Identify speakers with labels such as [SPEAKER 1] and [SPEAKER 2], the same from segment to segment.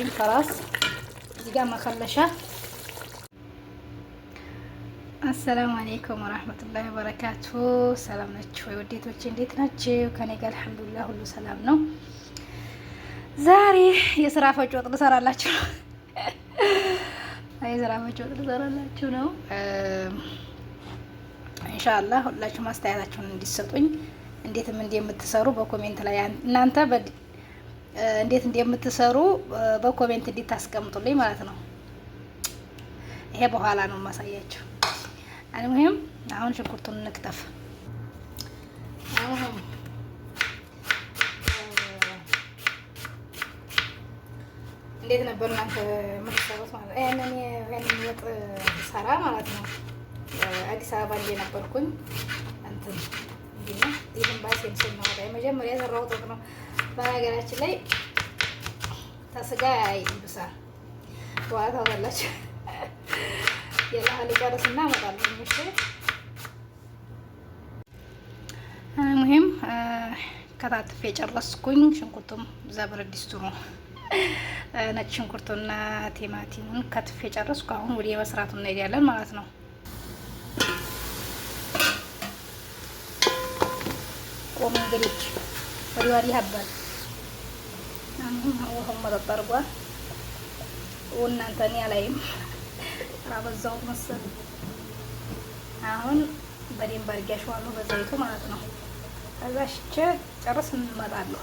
[SPEAKER 1] አለቀኝ። ከራስ እዚህ ጋር መከለሻ። አሰላሙ አሌይኩም ወረህመቱላሂ ወበረካቱ። ሰላም ናችሁ ወይ ውዴቶች? እንዴት ናችሁ? ከኔ ጋር አልሐምዱሊላህ ሁሉ ሰላም ነው። ዛሬ የስራ ፈጭ ወጥ ልሰራላችሁ ነው። የስራ ፈጭ ወጥ ልሰራላችሁ ነው። ኢንሻላህ ሁላችሁም አስተያየታችሁን እንዲሰጡኝ እንዴትም እንዲህ የምትሰሩ በኮሜንት ላይ እናንተ እንዴት እንደምትሰሩ በኮሜንት እንዲታስቀምጡልኝ ማለት ነው። ይሄ በኋላ ነው የማሳያቸው። አልሙሂም አሁን ሽንኩርቱን እንክተፍ። እንዴት ነበር እናንተ የምትሰሩት ማለት ነው። ይህንን ይሄንን ወጥ ሰራ ማለት ነው። አዲስ አበባ ላይ ነበርኩኝ እንትን እንግዲህ ይሄን ባሴን ስናወጣ መጀመሪያ የሰራሁት ወጥ ነው። በነገራችን ላይ ተስጋ ይብሳል። በኋላ ታውቃላችሁ። የላህ ሊጨርስና እመጣለሁ። እሺ ሙሂም ከታትፌ ሽንኩርቱም ድስቱ ነው። ነጭ ሽንኩርቱና ቲማቲሙን ከትፌ ጨረስኩ። አሁን ወደ መስራቱ እንሄዳለን ማለት ነው። ቆም እንግዲህ ውሃው መጠጥ አድርጓል። እናንተ እኔ አላይም አበዛው መሰል። አሁን በደንብ አድርጌ አሸዋለሁ በዘይቱ ማለት ነው። ከዛ ሽቼ ጨርስ እንመጣለሁ።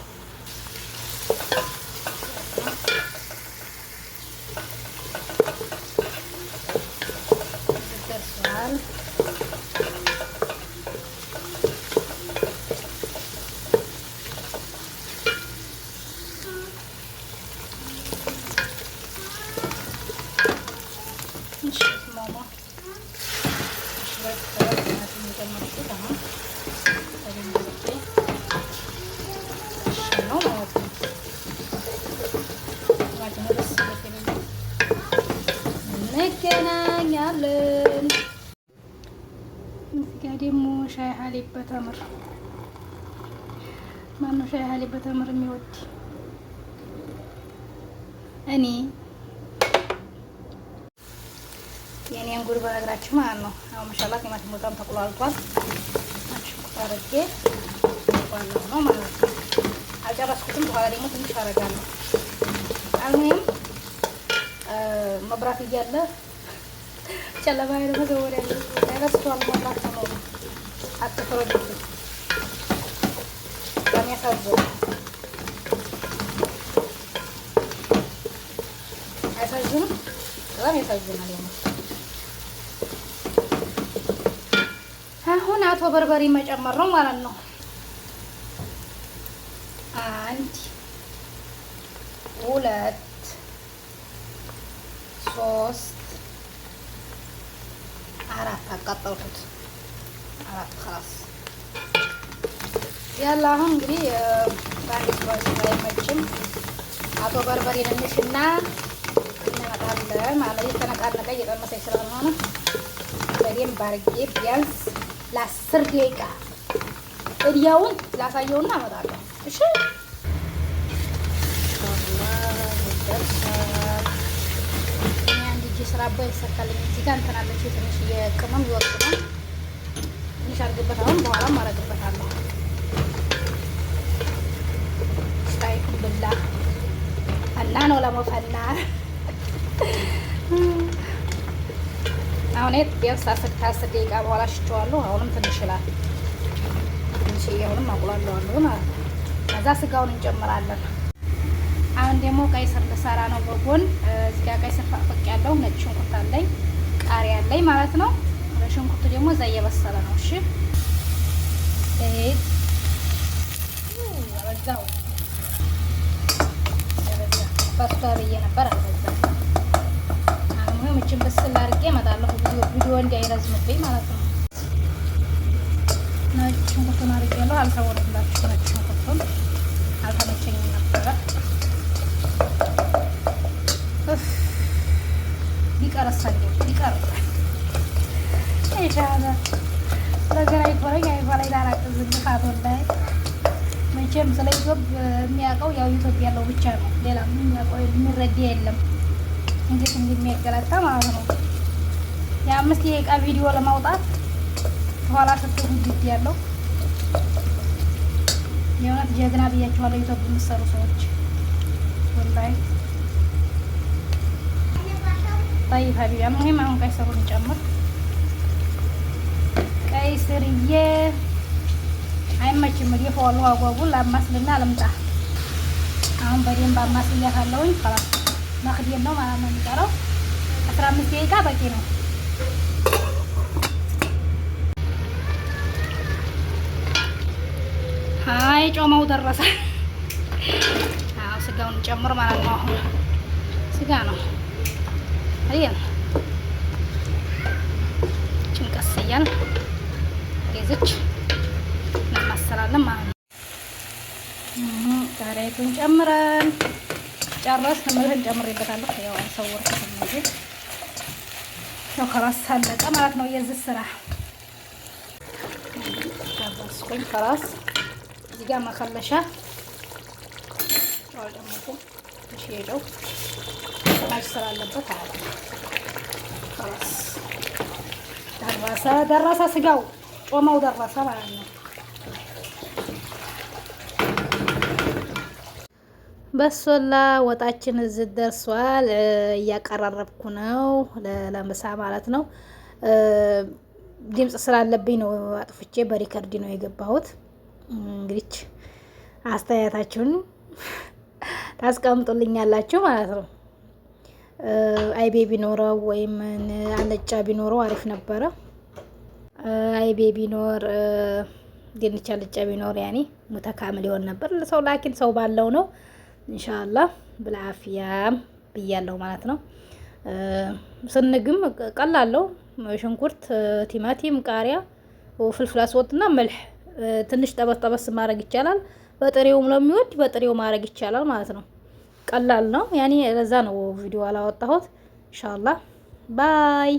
[SPEAKER 1] ደርሷል ሻይ ሀሊብ በተምር ማነው ሻይ ሀሊብ በተምር የሚወድ? እኔ የእኔን ጉድ በነግራችሁ ማለት ነው። አሁን ማሻላ ቲማቲም በጣም ተቆላልቷል። ሽንኩርት አድርጌ ነው ማለት ነው። አልጨረስኩትም። በኋላ ደግሞ ትንሽ አደርጋለሁ። አልሙም መብራት እያለ ጨለማ ያለ ረስቷል መብራት አጥፍሮበት የሚያሳዝን አያሳዝንም? በጣም ያሳዝናል። አሁን አቶ በርበሬ መጨመር ነው ማለት ነው። አንድ ሁለት ሶስት አራት አቃጠልኩት። አራት ክላስ ያለ አሁን እንግዲህ በአንድ ስባስ ላይ መችም አቶ በርበሬ ትንሽ እና እናመጣለን ማለት የተነቃነቀ እየጠመሰ ስለሆነ በደንብ አድርጌ ቢያንስ ለአስር ደቂቃ እዲያውን ላሳየውና አመጣለሁ። እሺ ስራ አባ ይሰካልኝ እዚህ ጋር እንትን ትንሽ የቅመም ይወርቅ ነው ትንሽ አድርግበት። አሁን በኋላ ማረግበታለሁ። ስታይክ ብላ ነው ለመፈላ አሁን ቢያንስ ከአስር ደቂቃ በኋላ ሽቸዋለሁ። አሁንም ትንሽ ይላል። ትንሽ አሁንም አቁላለዋለሁ ማለት ነው። ከዛ ስጋውን እንጨምራለን። አሁን ደግሞ ቀይ ስር ልሰራ ነው። በጎን እዚጋ ቀይ ስር ፈቅቅ ያለው ነጭ ሽንኩርት አለኝ ቃሪያ አለኝ ማለት ነው። ነበረ። ሽንኩርቱ ደግሞ እዛ እየበሰለ ነው። እሺ አበዛው በስቷ ብዬ ነበር አበዛ። አሁን እችን ብስል አድርጌ እመጣለሁ። ቪዲዮ እንዳይረዝምብኝ ማለት ነው። ነጭ ሽንኩርቱን አድርጌለሁ። አልተወደላችሁ ነጭ ሽንኩርቱን አልተመቸኝም ነበረ። ቢቀረሳ ነገር አይቆረኝ አይባላይ ላይ መቼም ስለ ኢትዮጵያ የሚያውቀው ያው ኢትዮጵያ ያለው ብቻ ነው። ሌላ የሚያውቀው የሚረዳ የለም። እንዴት እንደሚያገላጣ ማለት ነው። የአምስት ደቂቃ ቪዲዮ ለማውጣት ከኋላ ስትጉ ግድ ያለው የእውነት ጀግና ብያቸኋለሁ። ኢትዮጵያ የምትሰሩ ሰዎች ወላሂ ይ ሀቢቢ አሁን ቀይ ስሩን ጨምር ሻይ ስርዬ አይመችም። እንግዲህ ሆሉ አጓጉል አማስልና ልምጣ። አሁን በደንብ አማስያ ካለውኝ ይባላል። መክዴን ነው ማለት ነው የሚቀረው። አስራ አምስት ደቂቃ በቂ ነው። አይ ጮማው ደረሰ። አዎ ስጋውን ጨምር ማለት ነው። አሁን ስጋ ነው። አየን ጭንቀስ እያልን እየያዘች እናማሰላለን ማለት ነው። ቃሪያቱን ጨምረን ጨረስ ምልህን ጨምሬበታለሁ። ያው አልሰወርኩት እንጂ ያው ከራስ ሳለቀ ማለት ነው። የዚህ ስራ ጨረስኩኝ። ከራስ እዚህ ጋር መከለሻ ጨው አልጨመርኩም። ትንሽ ሄደው ማሽ አለ። ከራስ ደረሰ ደረሰ ስጋው ጮማው ደረሰ ማለት ነው። በሶላ ወጣችን እዚህ ደርሷል። እያቀራረብኩ ነው ለምሳ ማለት ነው። ድምፅ ስላለብኝ ነው አጥፍቼ በሪከርድ ነው የገባሁት። እንግዲህ አስተያየታችሁን ታስቀምጡልኛላችሁ ማለት ነው። አይቤ ቢኖረው ወይም አለጫ ቢኖረው አሪፍ ነበረ። አይቤ ቢኖር ድንቻ ልጫ ቢኖር ያኔ ሙተካምል ይሆን ነበር። ሰው ላኪን ሰው ባለው ነው እንሻላ ብልአፍያም ብያለው ማለት ነው። ስንግም ቀላለው ሽንኩርት፣ ቲማቲም፣ ቃሪያ፣ ፍልፍል አስወጥና መልህ ትንሽ ጠበስ ጠበስ ማድረግ ይቻላል። በጥሬውም ለሚወድ በጥሬው ማድረግ ይቻላል ማለት ነው። ቀላል ነው ያኔ ለዛ ነው ቪዲዮ አላወጣሁት። ኢንሻአላህ ባይ